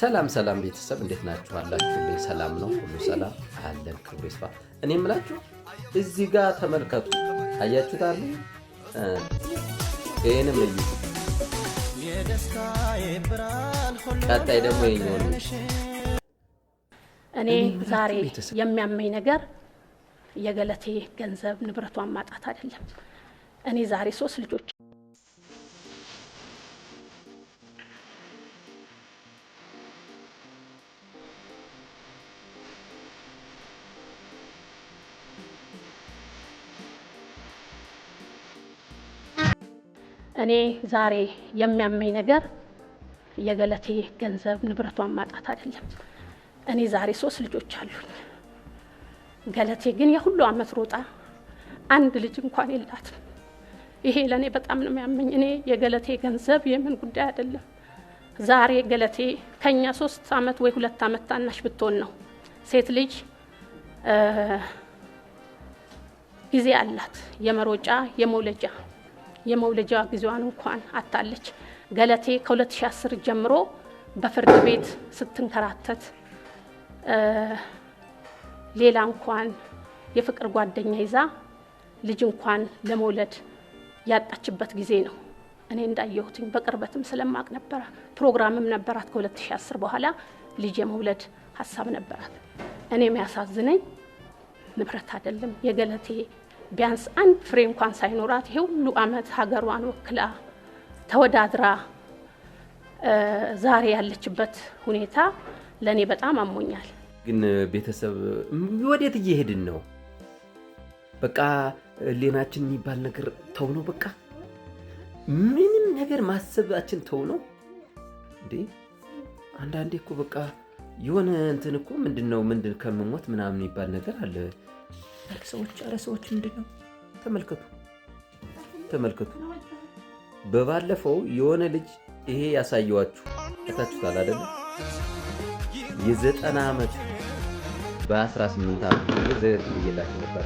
ሰላም ሰላም ቤተሰብ እንዴት ናችሁ? አላችሁ? ሰላም ነው ሁሉ ሰላም አለን። ክብሩ ይስፋ። እኔ የምላችሁ እዚህ ጋር ተመልከቱ። አያችሁታል? ይህንም እዩ። ቀጣይ ደግሞ ይኛው እኔ ዛሬ የሚያመኝ ነገር የገለቴ ገንዘብ ንብረቷን ማጣት አይደለም። እኔ ዛሬ ሶስት ልጆች እኔ ዛሬ የሚያመኝ ነገር የገለቴ ገንዘብ ንብረቷን ማጣት አይደለም። እኔ ዛሬ ሶስት ልጆች አሉኝ። ገለቴ ግን የሁሉ አመት ሮጣ አንድ ልጅ እንኳን የላትም። ይሄ ለእኔ በጣም ነው የሚያመኝ። እኔ የገለቴ ገንዘብ የምን ጉዳይ አይደለም። ዛሬ ገለቴ ከኛ ሶስት አመት ወይ ሁለት አመት ታናሽ ብትሆን ነው ሴት ልጅ ጊዜ አላት የመሮጫ የመውለጃ የመውለጃ ጊዜዋን እንኳን አታለች። ገለቴ ከ2010 ጀምሮ በፍርድ ቤት ስትንከራተት ሌላ እንኳን የፍቅር ጓደኛ ይዛ ልጅ እንኳን ለመውለድ ያጣችበት ጊዜ ነው። እኔ እንዳየሁትኝ በቅርበትም ስለማቅ ነበረ። ፕሮግራምም ነበራት። ከ2010 በኋላ ልጅ የመውለድ ሀሳብ ነበራት። እኔ የሚያሳዝነኝ ንብረት አይደለም የገለቴ ቢያንስ አንድ ፍሬ እንኳን ሳይኖራት ይሄ ሁሉ አመት ሀገሯን ወክላ ተወዳድራ ዛሬ ያለችበት ሁኔታ ለእኔ በጣም አሞኛል። ግን ቤተሰብ ወዴት እየሄድን ነው? በቃ ሌናችን የሚባል ነገር ተው ነው። በቃ ምንም ነገር ማሰባችን ተው ነው እንዴ። አንዳንዴ እኮ በቃ የሆነ እንትን እኮ ምንድን ነው ምንድን ከምሞት ምናምን የሚባል ነገር አለ ሰዎች አረ ሰዎች ምንድን ነው? ተመልከቱ ተመልከቱ። በባለፈው የሆነ ልጅ ይሄ ያሳየዋችሁ ከታችሁታል አይደለ? የዘጠና ዓመት በ18 ዓመት ዘይት ብዬላችሁ ነበር።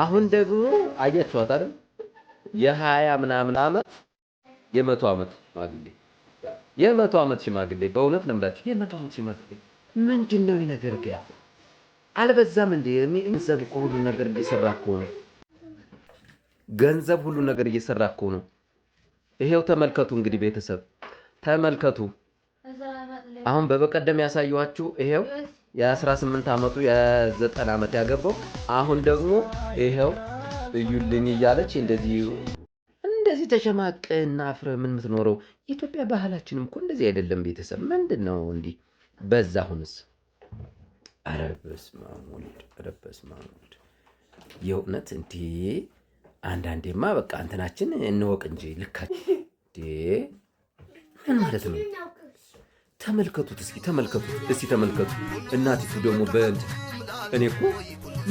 አሁን ደግሞ አያችኋት አይደል? የሀያ ምናምን ዓመት የመቶ ዓመት ሽማግሌ የመቶ ዓመት ሽማግሌ በእውነት ነው የምላችሁ የመቶ ዓመት ሽማግሌ ምንድን ነው ይህ ነገር አልበዛም እንዴ? ገንዘብ እኮ ሁሉ ነገር እየሰራ እኮ ነው። ገንዘብ ሁሉ ነገር እየሰራ እኮ ነው። ይሄው ተመልከቱ እንግዲህ ቤተሰብ ተመልከቱ። አሁን በበቀደም ያሳየኋችሁ ይሄው የ18 ዓመቱ የ9 ዓመት ያገባው አሁን ደግሞ ይሄው እዩልኝ እያለች እንደዚህ እንደዚህ ተሸማቀና አፍረ ምን የምትኖረው ኢትዮጵያ ባህላችንም እኮ እንደዚህ አይደለም። ቤተሰብ ምንድን ነው እንዲህ በዛ አሁንስ ኧረ በስመ አብ ወልድ፣ ኧረ በስመ አብ ወልድ። የእውነት እንዴ! አንዳንዴማ በቃ እንትናችን እንወቅ እንጂ ልካችን እንዴ! ምን ማለት ነው? ተመልከቱት እስኪ ተመልከቱት፣ እስኪ ተመልከቱ። እናቲቱ ደግሞ በእንት እኔ እኮ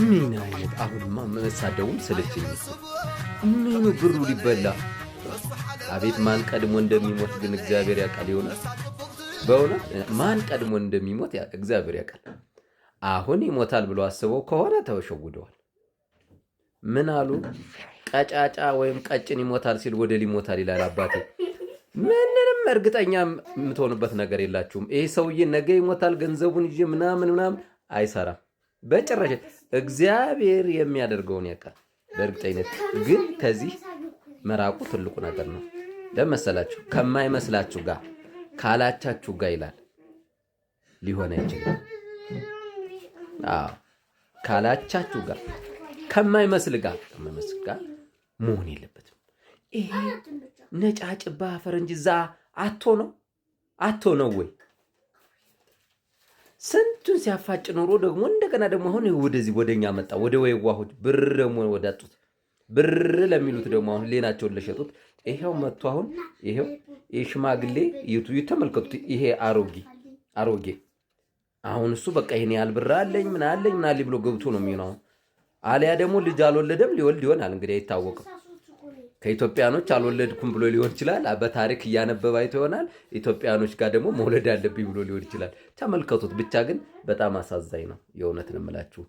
ምን አይነት አሁንማ መሳደቡም ሰለቸኝ። ምኑ ብሩ ሊበላ አቤት! ማን ቀድሞ እንደሚሞት ግን እግዚአብሔር ያውቃል። ይሆናል በእውነት ማን ቀድሞ እንደሚሞት እግዚአብሔር ያውቃል። አሁን ይሞታል ብሎ አስበው ከሆነ ተሸውደዋል። ምን አሉ? ቀጫጫ ወይም ቀጭን ይሞታል ሲል ወደ ሊሞታል ይላል አባቴ። ምንንም እርግጠኛ የምትሆንበት ነገር የላችሁም። ይህ ሰውዬ ነገ ይሞታል ገንዘቡን ይዤ ምናምን ምናምን አይሰራም በጭራሽ። እግዚአብሔር የሚያደርገውን ያውቃል በእርግጠኝነት። ግን ከዚህ መራቁ ትልቁ ነገር ነው። ለመሰላችሁ ከማይመስላችሁ ጋር ካላቻችሁ ጋር ይላል ሊሆን አይችልም። ካላቻችሁ ጋር ከማይመስል ጋር ከማይመስል ጋር መሆን የለበትም። ይሄ ነጫጭባ ፈረንጅ እዛ አቶ ነው አቶ ነው ወይ ስንቱን ሲያፋጭ ኖሮ ደግሞ እንደገና ደግሞ አሁን ወደዚህ ወደኛ መጣ። ወደ ወይዋሆች ብር ደግሞ ወዳጡት ብር ለሚሉት ደግሞ አሁን ሌናቸውን ለሸጡት ይሄው መጥቶ አሁን ይሄው የሽማግሌ ይቱ ተመልከቱት። ይሄ አሮጌ አሮጌ አሁን እሱ በቃ ይሄን ያህል ብር አለኝ ምን አለኝ ምን አለኝ ብሎ ገብቶ ነው የሚሆነው። አሊያ ደግሞ ልጅ አልወለደም ሊወልድ ይሆናል እንግዲህ አይታወቅም። ከኢትዮጵያኖች አልወለድኩም ብሎ ሊሆን ይችላል። በታሪክ እያነበበ አይቶ ይሆናል። ኢትዮጵያኖች ጋር ደግሞ መውለድ አለብኝ ብሎ ሊሆን ይችላል። ተመልከቱት። ብቻ ግን በጣም አሳዛኝ ነው የእውነት ነው የምላችሁ።